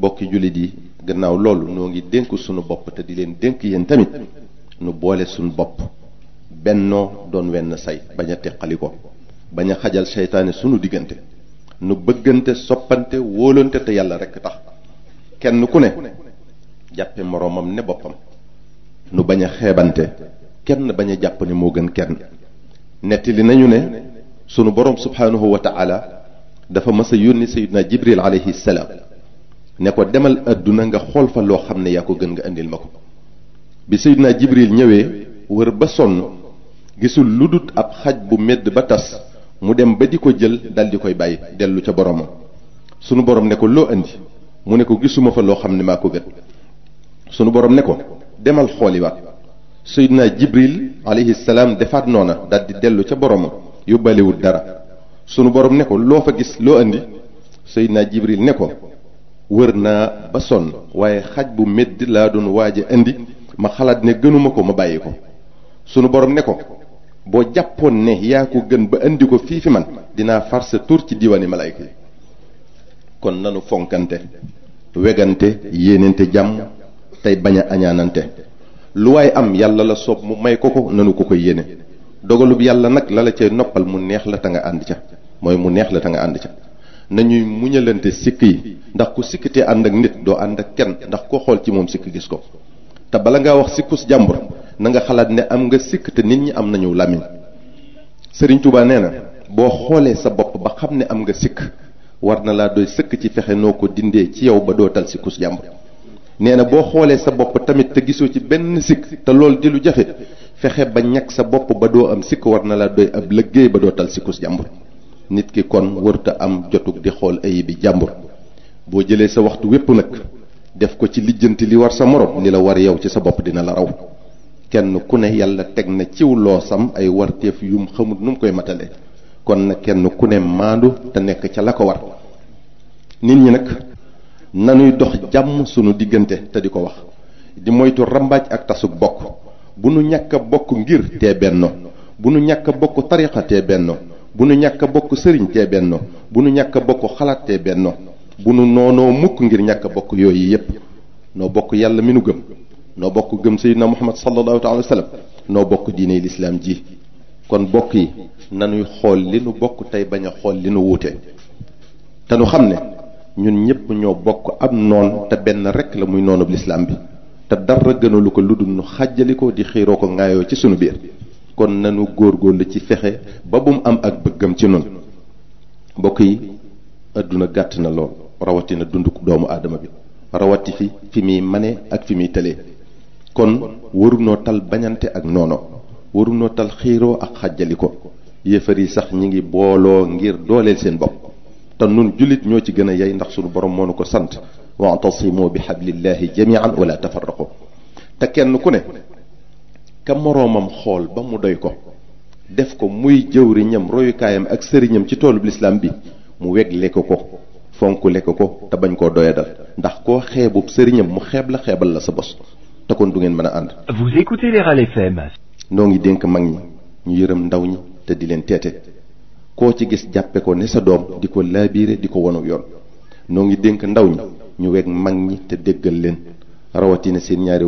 bokki jullit yi gannaaw loolu noo ngi dénk sunu bopp te di leen dénk yéen tamit nu boole sunu bopp bennoo doon wenn say bañ a teqali ko bañ a xajal seytaane sunu diggante nu bëggante soppante wóolante te yàlla rekk tax kenn ku ne jàppe moroomam ne boppam nu bañ a xeebante kenn bañ a jàpp ne moo gën kenn li nañu ne sunu boroom subhaanahu wa taala dafa mës a yónni sayidna jibril alayhi salaam ne ko demal adduna nga xool fa loo xam ne yaa ko gën nga indil ma ko bi naa Jibril ñëwee wër ba sonn gisul lu ab xaj bu medd ba tas mu dem ba di ko jël dal koy bàyyi dellu ca boromam sunu borom ne ko loo indi mu ne ko gisuma fa loo xam ne maa ko gën sunu borom ne ko demal xooliwaat naa Jibril alayhi salaam defaat noona dal di dellu ca boromam yóbbaalewul dara sunu borom ne ko loo fa gis loo indi Seydina Jibril ne ko wër naa ba sonn waaye xaj bu métti laa doon waaj a indi ma xalaat ne gënuma ko ma bàyyi ko sunu borom ne ko boo jàppoon ne yaa ko gën ba indi ko fii fi man dinaa far sa tur ci diwaani malayka yi kon nanu fonkante wegante yéenante jàmm tey bañ a añaanante lu waaye am yalla la soob mu may ko ko nanu ko ko yéene dogalub yàlla nag la la cay noppal mu neex la ta nga ànd ca mooy mu neex la ta nga ànd ca nañuy muñalante sikk yi ndax ku sikkitee ànd ak nit doo ànd ak kenn ndax koo xool ci moom sikk gis ko te bala nga wax sikkus jàmbur na nga xalaat ne am nga sikk te nit ñi am nañu làmmiñ Sëriñ Tuubaa nee na boo xoolee sa bopp ba xam ne am nga sikk war na laa doy sëkk ci fexe noo ko dindee ci yow ba dootal sikkus jàmbur nee na boo xoolee sa bopp tamit te gisoo ci benn sikk te loolu di lu jafe fexe ba ñàkk sa bopp ba doo am sikk war na laa doy ab liggéey ba dootal sikkus jàmbur nit ki kon wërta am jotug di xool ay ayibi jàmbur boo jëlee sa waxtu wépp nag def ko ci lijjanti li war sa moroom li la war yow ci sa bopp dina la raw kenn ku ne yàlla teg na ciw loosam ay warteef yum xamut num koy matale kon na kenn ku ne maandu te nekk ca la ko war nit ñi nag nanuy dox jàmm sunu diggante te di ko wax di moytu rambaaj ak tasug bokk bu nu ñàkk bokk ngir te benno bu nu ñàkk bokk tarixa tee benno bunu ñàkk a bokk sëriñ te benn bunu ñàkk a bokk xalaat te benn bunu nu noonoo mukk ngir ñàkk a bokk yooyu yépp noo bokk yàlla minu gëm noo bokk gëm sayyidina muhammad sallallahu alayhi wasallam sallam noo bokk diine lislaam ji kon bokk yi nanuy xool li nu bokk tey bañ a xool li nu wuute te nu xam ne ñun ñëpp ñoo bokk ab noon te benn rek la muy noonub lislaam bi te dara gënalu ko lu dul nu xàjjalikoo di xiiroo ko ngaayoo ci sunu biir kon nanu góorgóorlu ci fexe ba bu mu am ak bëggam ci noonu bokk yi aduna gàtt na lool rawatina dund doomu adama bi rawati fi fi mi mane ak fi mi télé kon waruñoo tal bañante ak noono waruñoo tal xiro ak xàjjali ko sax ñi ngi bolo ngir dole seen bop te nun julit ñoo ci gëna yey ndax sunu borom moo ko sant wa'tasimu bi hablillahi jami'an wala tafarraqu ta kenn ku ne ka moroomam xool ba mu doy ko def ko muy jëwriñam royukaayam ak sëriñam ci toolub lislaam bi mu wegle ko ko fonkle ko ko te bañ koo doyadal ndax koo xeebub sëriñam mu xeeb la xeebal la sa bos te kon du ngeen mën a ànd. vous noo ngi dénk mag ñi ñu yërëm ndaw ñi te di leen teete koo ci gis jàppe ko ne sa doom di ko laabiire di ko wanu yoon noo ngi dénk ndaw ñi ñu weg mag ñi te déggal leen rawatina seen ñaari